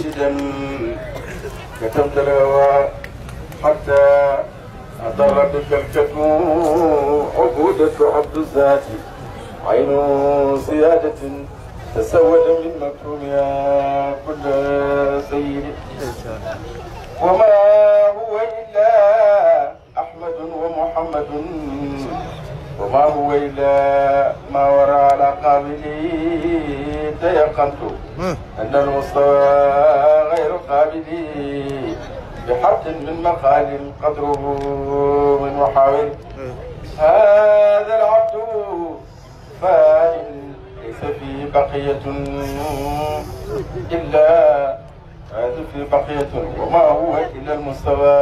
مرشدا كتمت الهوى حتى أضر بك الكتم عبودة عبد الذات عين سيادة تسود من مكرمها كل سيد وما هو إلا أحمد ومحمد وما هو إلا ما وراء قابلي تيقنت أن المستوى غير قابلي بحرف من مقال قدره من محاول هذا العبد فإن ليس فيه بقية إلا هذا فيه بقية وما هو إلا المستوى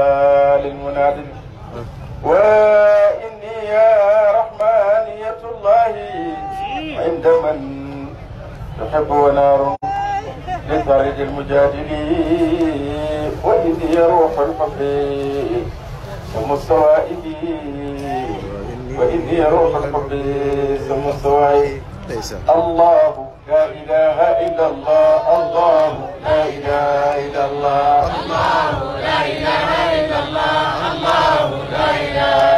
للمنادل وإني يا رب رحمانية الله عند من تحب ونار لطريق المجادل وإني روح الفقير سم السوائب وإني روح الفقير سم السوائب الله لا إله إلا الله الله لا إله إلا الله الله لا إله إلا الله الله لا إله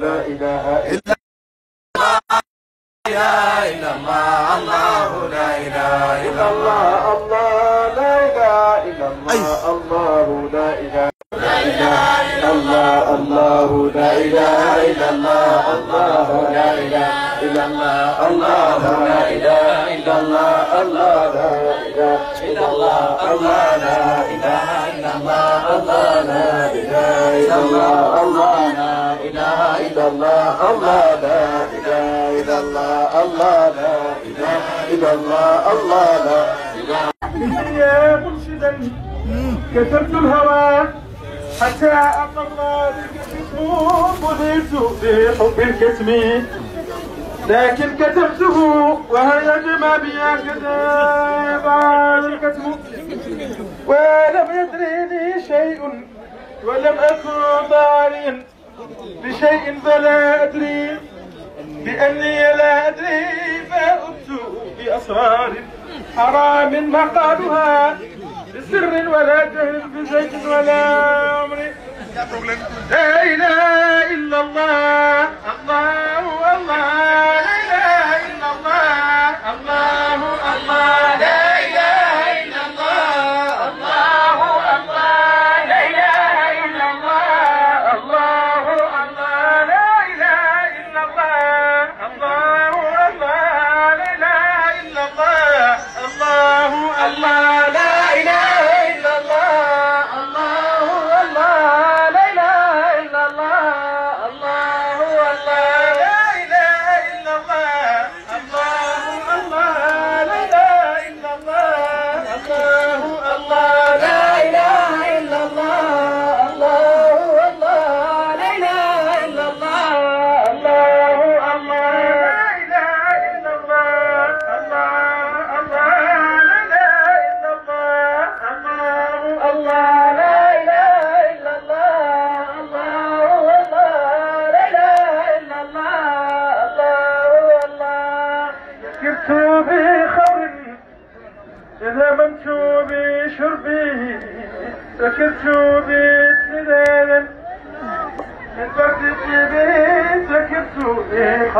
لا إله إلا إله إلا الله الله لا إله إلا الله الله لا إله إلا الله الله لا إله لا إله إلا الله الله لا إله إلا الله الله لا إله إلا الله الله لا إله إلا الله الله لا إله إلا الله الله لا إله إلا الله الله لا إله إلا الله الله لا إلا الله الله لا إله إلا الله الله لا إله إلا الله الله لا إله يا مرشدا كسرت الهوى حتى أقر بالكسوم بليت بحب الكتم لكن كتبته وهي جمابيا كتابا الكتم ولم يدريني شيء ولم أكن ضاريا بشيء فلا أدري بأني لا أدري فأبت بأسرار حرام مقالها بسر ولا جهل بزيت ولا أمر لا إله إلا الله الله الله لا إله إلا الله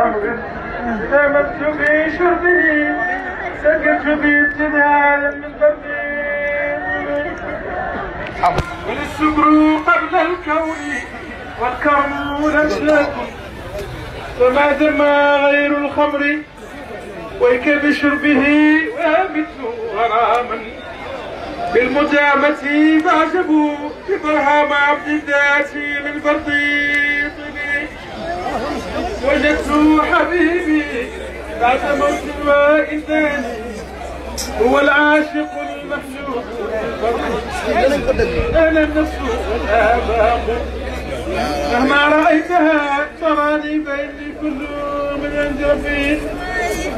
عمرك نامت في سكت بيت تنهال من قلبي قبل الكون والكرم نفسك فما دما غير الخمر ويك بشربه وامت غراما بالمدامة فعجبوا ببرهام عبد الذات للبرطيم وجدت حبيبي بعد موت الوائد ثاني هو العاشق المحجوب انا النفس والاباق مهما رايتها تراني بيني كل من عند رفيق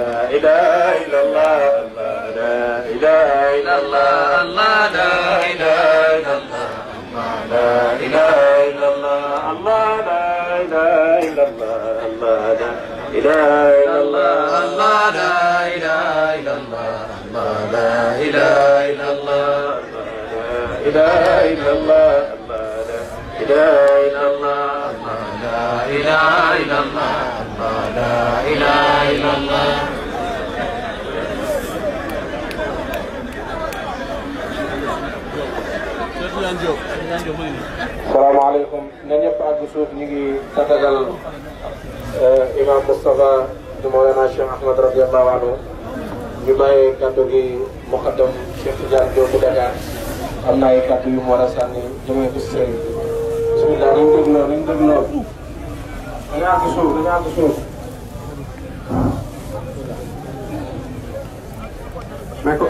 إله إلا الله الله لا إله إلا الله الله لا إله إلا الله الله لا إله إلا الله الله لا إله إلا الله الله لا إله إلا الله الله لا إله إلا الله الله لا إله إلا الله إله إلا الله الله لا إله إلا الله الله لا إله إلا الله Assalamualaikum, salaamaaleykum na ñëpp suuf ñu ngi tatagal eh, imam Moustapha du Mawlana Cheikh Ahmad radiyallahu anhu ñu bàyyi kàddu gi muqaddam Cheikh Tidiane Diop Dakar am ay kàddu yu mu war a sànni jëmee ko sëriñ suuf suuf السلام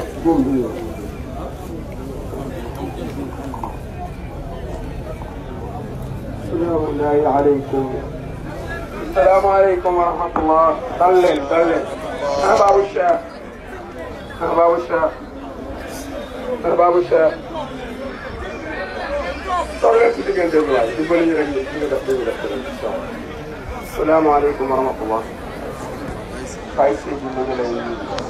عليكم السلام عليكم ورحمة الله سلم سلم أنا باب الشيخ أنا باب الشيخ أنا باب الشيخ السلام عليكم ورحمة الله خايف سيدي من الأيام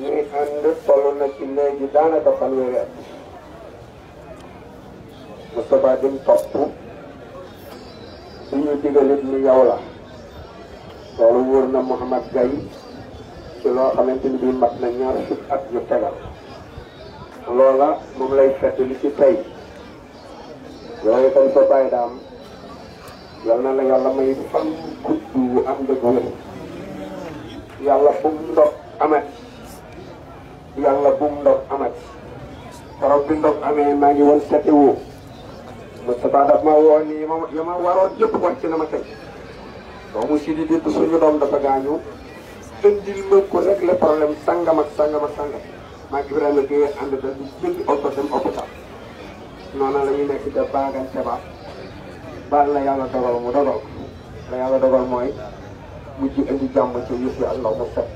ñu ngi ànd na ci léegi daanaka fanweeri at Moustapha di mu topp suñu digalit ni yow la loolu wóor na Mouhamad Gaye ci loo xamante ni bii mat na ñaar fukki at ñu tegal loola moom lay fett li ci tey yow itam sa daam yal na la yàlla may fan gudd wu am dëgg wér yàlla bu mu ndox amet yàlla bu mu ndog amati keroog bi ndog amee maa ngi woon seeti woo Moustapha daf ma woo ni ma ma waroon yëpp wàcc na ma tey doomu Sidi Diop suñu doom dafa gaañu indil ma ko régler problème sangam ak sangam ak sangam maa ngi Ibrahima Gueye ànd daal di jëndi nekk da baagante ba baal la yàlla dogal mu dogal la yàlla dogal mooy mujj indi jàmm ci yëf yi ak mu set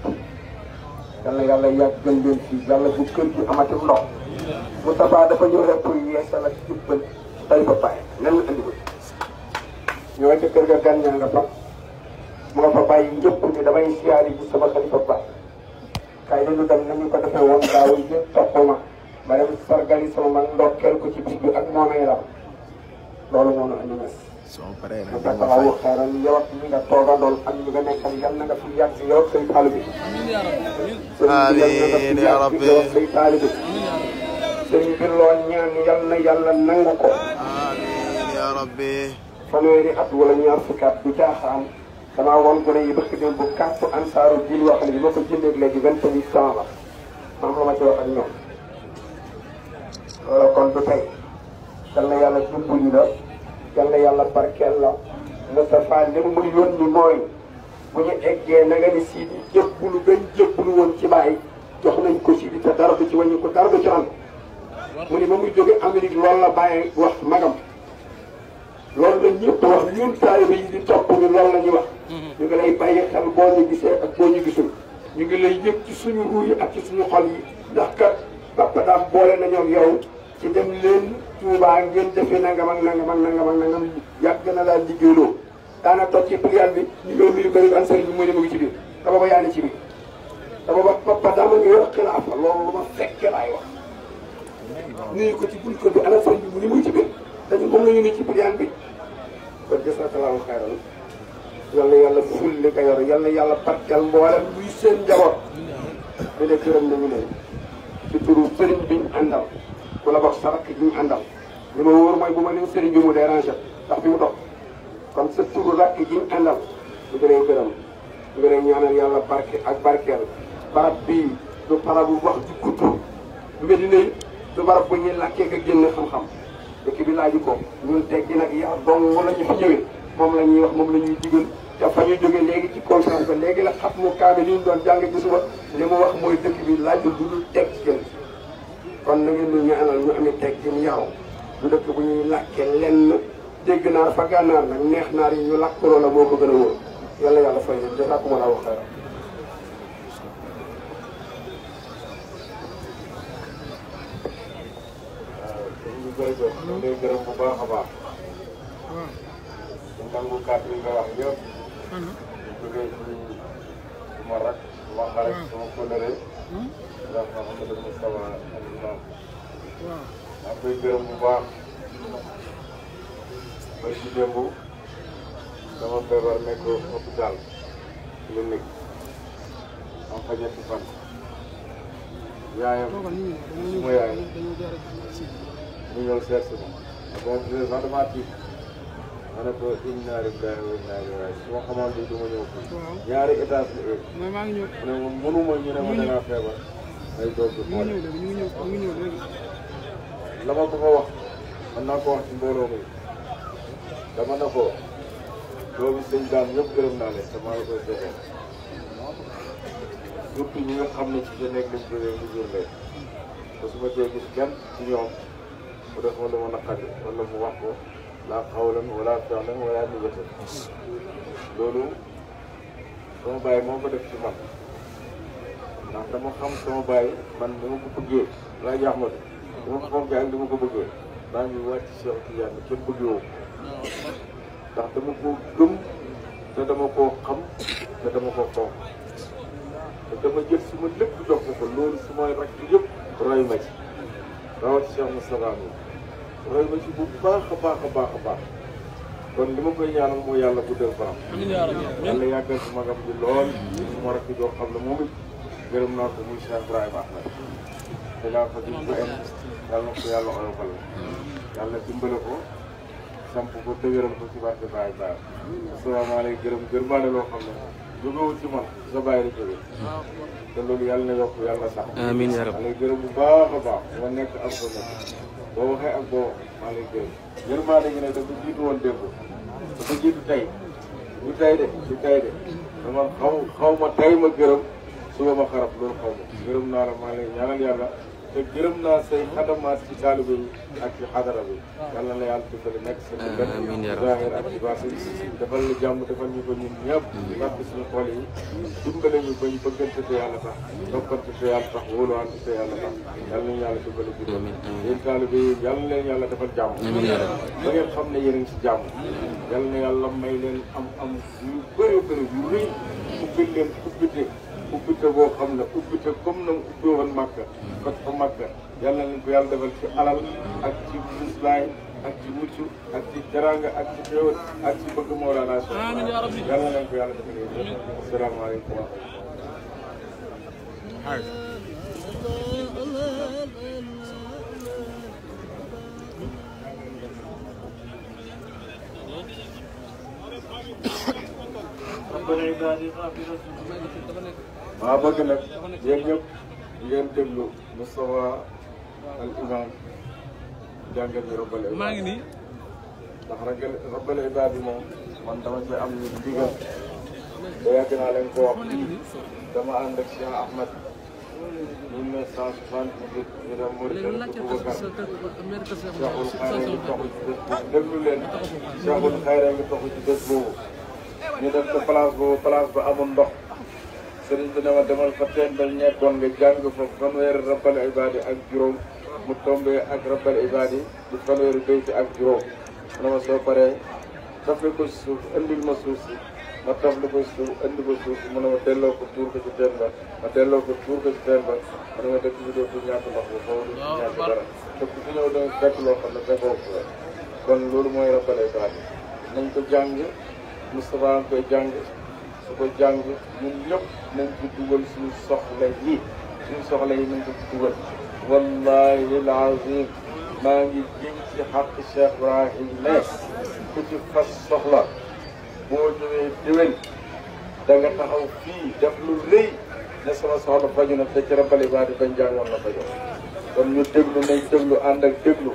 yàlla yàlla yàggal leen fii yàlla bu kër gi amati ndox Moustapha dafa ñëw rek pour yeesal ak jubbal tay ba bàyyi lan la andi ko ñoo ca kër ga gan ñaa nga fa moo fa bàyyi ñëpp ni damay siyaari bu sama xalifa bàyyi kay lu dem nañu ko defee woon daaw yëpp topp ma ma dem sargali sama man ndokkeel ko ci bis bi ak moomeelam loolu moo nu andi mes soo paree rek da nga fay xeeral yow ak ñi nga tooga doon ak ñi nga nekkal yal na nga fi yàgg yow ak say taalibe amiin yaa rabbi yow say taalibe sëñ bi loo ñaan yal na yàlla nangu ko amiin yaa rabbi fanweeri at wala ñaar fukki at du caaxaan damaa woon gone yi bëgg dem bu kàttu ansaaru diin wax ne bi ma ko jëndee léegi vingt huit ans la maam la ma ci wax ak ñoom loolu kon du tey yal na yàlla dimbuñu la yal na yàlla barkeel la Moustapha li mu yónni mooy bu ñu eggee na nga ni Sidi jëbbulu gën jëbbulu woon ci bàyyi jox nañ ko Sidi te dara du ci wàññi ko dara du ci am mu ne ba muy jóge Amérique loolu la bàyyi wax magam loolu na ñëpp wax ñun taalibe yi di topp ñu loolu la ñu wax ñu ngi lay bàyyi xel boo ñu gisee ak boo ñu gisul ñu ngi lay yëg ci suñu ruu ak ci suñu xol yi ndax kat Papa daa boole nañoo ak yow ci dem leen Touba ngeen defee nangam ak nangam ak nangam ak nangam yàgg na laa liggéeyloo daana toog ci prière bi ñu doon nuyu kër ansar bi mooy demagu ci biir te booba yaa ci biir te booba papa ngi yor xilaaf loolu lu ma fekke laay wax nuyu ko ci bunt kër bi ansar bi mu ni muy ci biir dañu moom la ñu ni ci prière bi kon yàlla yàlla ful li ko yor yàlla yàlla mboolem luy seen njaboot bi ne gërëm nañu leen ci turu sëriñ biñ àndal ku la bokk sa rakk ji ñu àndal li ma mooy bu ma nee sëriñ bi mu déranger ndax bi mu toog kon sa turu rakk ji ñu àndal ñu ngi lay gërëm ñu ngi lay ñaanal yàlla barke ak barkeel barab bii du bu wax ju gudd Medina yi du barab bu ñuy làkkee ak génn xam-xam dëkk bi laaju ko ñun teggi nag yaa dong la ñu fi ñëwee moom la ñuy wax moom la ñuy digal te fa ñu jógee léegi ci conférence ba léegi la xam mu kaamil yi ñu doon jàng ci suba li mu wax mooy dëkk bi laajul lu kon na ngeen ñu ñaanal teg ci mu yaru du dëkk bu ñuy làkkee lenn dégg naa fa gànnaar nag neex naar yi ñu làkk loola moo ko gën a wóor yàlla yàlla fay leen jazakum allahu xayra jërëjëf ñu ngi lay gërëm bu baax a baax di nangu kàddu yi nga wax yëpp di jógee ndax Mouhamadou Moustapha al imam maa koy gërëm bu baax bari ci démb dama feebar nekk hôpital clinique am fa ñetti fan yaayam suma yaay mu ñëw seet si ma. ma ne ko inna lillahi wa ñaari étage la éeg. mooy ñu ne ma da feebar. may doog di xool ñu ngi ñëw ñu ngi la ma ko fa wax mën naa ko wax ci mbooloo mi dama na ko doomi sëñ daam ñëpp gërëm naa leen damaa la koy joxee surtout ñi jur leen te su ma cee gis kenn ci ñoom mu def ma lu ma naqari mu wax ko. laa xawlan wala fexlan wala niyatan loolu sama bàyyi moo ko def ci man ndax dama xam sama bàyyi man ni ma ko bëggee laa jaaxmatu li ma ko ko bëggee maa ngi wàcc Cheikh Tidiane kenn bëggewoo ndax dama ko gëm te dama koo xam te dama ko fonk te dama jël su ma lépp jox ko ko loolu su may rakk yëpp roy ma ci rawat Cheikh Moustapha roy bu baax a baax a baax a baax kon li ma koy ñaanal mooy yàlla guddal faram yàlla yàggal si magam bi lool suma rakk joo xam ne moom it gërëm naa ko muy Cheikh Ibrahima Ahmed dangaa yàlla na ko yàlla ko samp ko dëgëral ko ci barke Baye Baye asalaamaaleykum gërëm gërëmaane loo xam ne jógewul ci man sa bàyyi la jóge te loolu yàlla na yokk yàlla sax amiin yaa gërëm bu baax a baax ma nekk am ko nekk boo waxee ak boo maa leen gërëm yërmande gi nag dafa jiitu woon démb dafa jiitu tey du tey de du tey de dama xaw xaw ma tey ma gërëm suba ma xarab loolu xaw ma gërëm naa la maa leen ñaanal yàlla te gërëm naa say xadamaat ci taalibe bi ak ci xadara bi yàlla na yàlla dundal nekk sa dundal zahir ak baatin defal ñu jàmm defal ñu ko ñun ñëpp wàcc suñu xol yi dimbale ñu ba ñu bëggante te yàlla tax toppante te yàlla tax wóoluwante te yàlla tax yàlla nañu yàlla dimbale guddal yéen taalibe yi yàlla leen yàlla defal jàmm ba ngeen xam ne yéen a ngi si jàmm yàlla na yàlla may leen am am yu bëri bëri yu rëy ubbil leen ubbite ubbite boo xam ne ubbite comme na ubbi woon Makka kot ko Makka yàlla nañ ko yàlla defal ci alal ak ci muslaay ak ci mucc ak ci jaranga ak ci xéewal ak ci bëgg Mawlana Cheikh yàlla ya nañ ko yàlla defal asalaamaaleykum wa maa bëgg nag yéen ñëpp ngeen déglu Moustapha al imam jàngal ñu rabbal ibaad maa ngi nii ndax ragal rabbal bi moom man dama am ñu digal ba yàgg naa leen ko wax dama ànd ak Cheikh Ahmed mille neuf cent soixante-dix-huit ñu dem leen Cheikhul Xayra ngi taxu ci bés boobu ñu amul ndox sëriñ bi ne ma demal fa teen ba nekkoon nga jàng fa fanweeri rabbal ibaadi ak juróom mu tombé ak rabbal ibaadi di fanweeri béyti ak juróom mu ne ma soo paree tafli ko si suuf indil ma suuf si ma tafli ko si suuf indi ko suuf si mu ne ma delloo ko tuur ko ci teen ma delloo ko tuur ko ci teen ba ne ma dëkk bi doo fi ñàkk ndox bi foofu du ñàkk dara te ku fi ñëw da nga fekk loo xam ne ko kon loolu mooy rabbal ibaadi nañ ko jàng Moustapha nga koy jàng su ko jàng ñun ñëpp nañ ci dugal suñu soxla yi suñu soxla yi nañ ko ci dugal wallahi alazim maa ngi jëm ci xaq Cheikh Ibrahim ne ku ci fas soxla boo ñëwee déwén da nga taxaw fii def lu rëy ne sama soxla faju na te ci rabal ibaadi bañ jàngoon na fajoo kon ñu déglu nañ déglu ànd déglu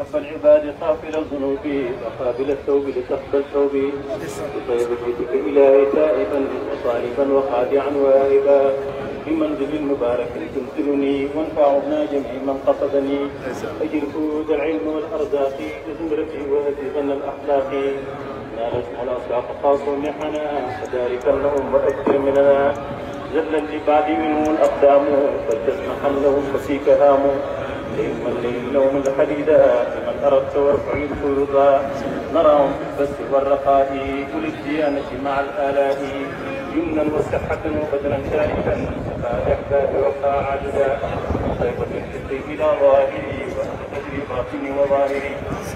رب العباد قافل الذنوب وقابل التوب لتقبل توبي بطيب بيتك إلهي تائبا وصالبا وخادعا واهبا من منزل مبارك تنزلني وانفعنا جميع من قصدني أجر فود العلم والأرزاق بزمرتي وهدي غنى الأخلاق نالت اصلاح خاص منحنا فذلك لهم وأكثر مننا زلا لبعد منه الأقدام فلتسمحن لهم فسيك هاموا الليل والليل لوم الحديدا لمن أردت وارفعي الفيوضا نراهم في البس والرخاء وللديانة مع الآلاء يمنا وصحة وبدرا شارحا الأحباب وقع عددا طيبة الحد إلى ظاهري وأخذتني باطني وظاهري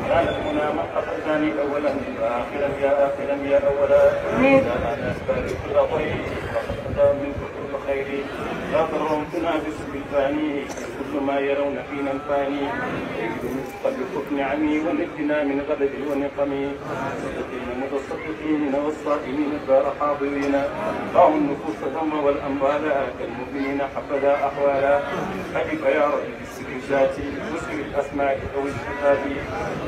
كانت هنا ما أخذني أولا وآخرا يا آخرا يا أولا كان نعم. أسباب كل ضيق وقد من كل خير لا ضر تنافس بالفاني مثل ما يرون فينا الفاني قد كف نعمي ونجنا من غلبي ونقمي المتصدقين والصائمين الدار حاضرين ضعوا النفوس ثم والاموال كالمؤمنين حفظا احوالا حبك يا رب الذات مسلم الاسماء او الكتاب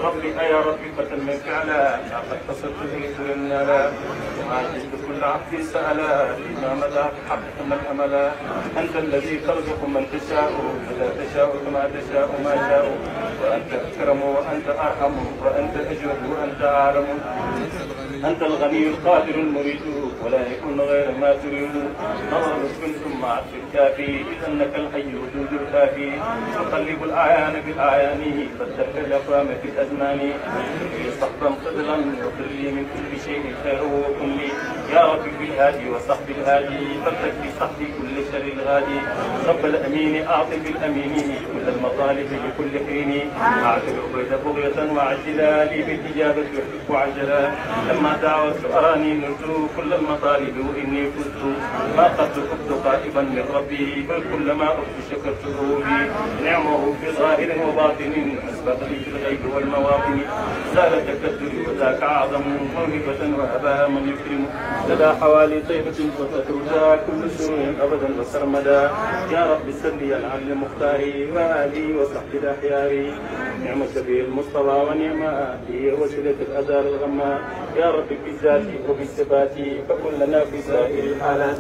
ربي ايا رفيقة من فعلا لقد تصدت مثل النالا وما جئت كل عبد سالا فيما مدى حقق من املا انت الذي ترزق من تشاء فلا تشاء كما تشاء ما شاء وانت اكرم وانت ارحم وانت اجود وانت اعلم أنت الغني القادر المريد ولا يكون غير ما تريد نظر كنتم مع الكافي إذا أنك الحي وجود الكافي تقلب الأعيان بالأعيان فالدرك الأقوام في الأزمان صحبا قدرا وقل لي من كل شيء خير وكن لي يا في بالهادي وصحب الهادي فلتك صحبي كل شر الغادي رب الأمين أعطي بالأمين كل المطالب لكل حين أعطي العبيد بغية لي بالإجابة يحب عجلا لما ما دعوت أراني نلت كل المطالب إني كنت ما قد كنت قائبا من ربي بل كلما أخت شكرته بي نعمه في ظاهر وباطن أسبق لي في الغيب والمواطن زال تكدري وذاك أعظم موهبة وأباها من يكرم لدى حوالي طيبة وتتوزع كل سوء أبدا وسرمدا يا رب سلي العبد مختاري وآلي وصحبي أحياري نعم سبيل المصطفى ونعم أهلي وسيلة الأزار الغماء يا رب بالذات وبالثبات فكن لنا في سائر الحالات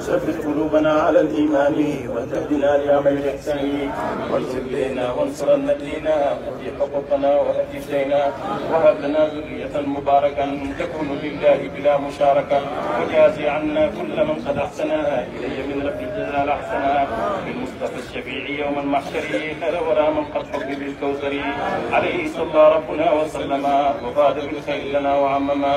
ثبت قلوبنا على الايمان وتهدنا لعمل الاحسان وانصر لنا وانصر نبينا وفي حقوقنا وهدي دينا وهب لنا ذرية مباركا تكون لله بلا مشاركة وجازي عنا كل من قد احسنا الي من رب الجزاء احسنها الشفيعي يوم المحشر ولا من قد حب بالكوثر عليه صلى ربنا وسلم وفاد بالخير لنا وعمما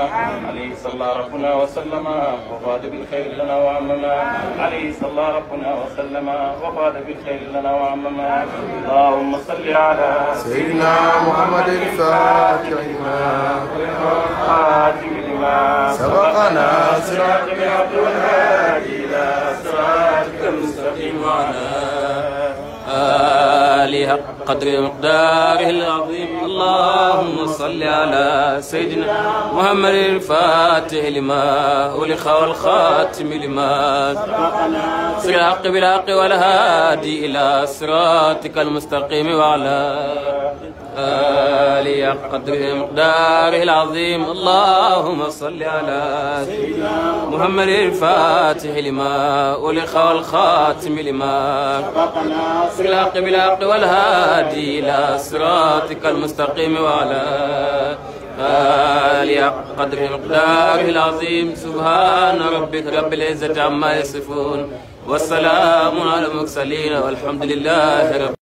عليه صلى ربنا وسلم وفاد بالخير لنا وعمما عليه صلى ربنا وسلم وفاد بالخير لنا وعمما اللهم صل على سيدنا محمد الفاتح لما والخاتم لما سبقنا صراط الحق والهادي الى صراط آله قدر مقداره العظيم اللهم صل على سيدنا محمد الفاتح لما ولخ والخاتم لما سر الحق بالحق والهادي إلى صراطك المستقيم وعلى آلي قدر مقداره العظيم اللهم صل على سيدنا محمد الفاتح لما ألخ والخاتم لما سبق الحق بالحق والهادي إلى صراطك المستقيم وعلى آلي قدر مقداره العظيم سبحان ربك رب العزة عما يصفون والسلام على المرسلين والحمد لله رب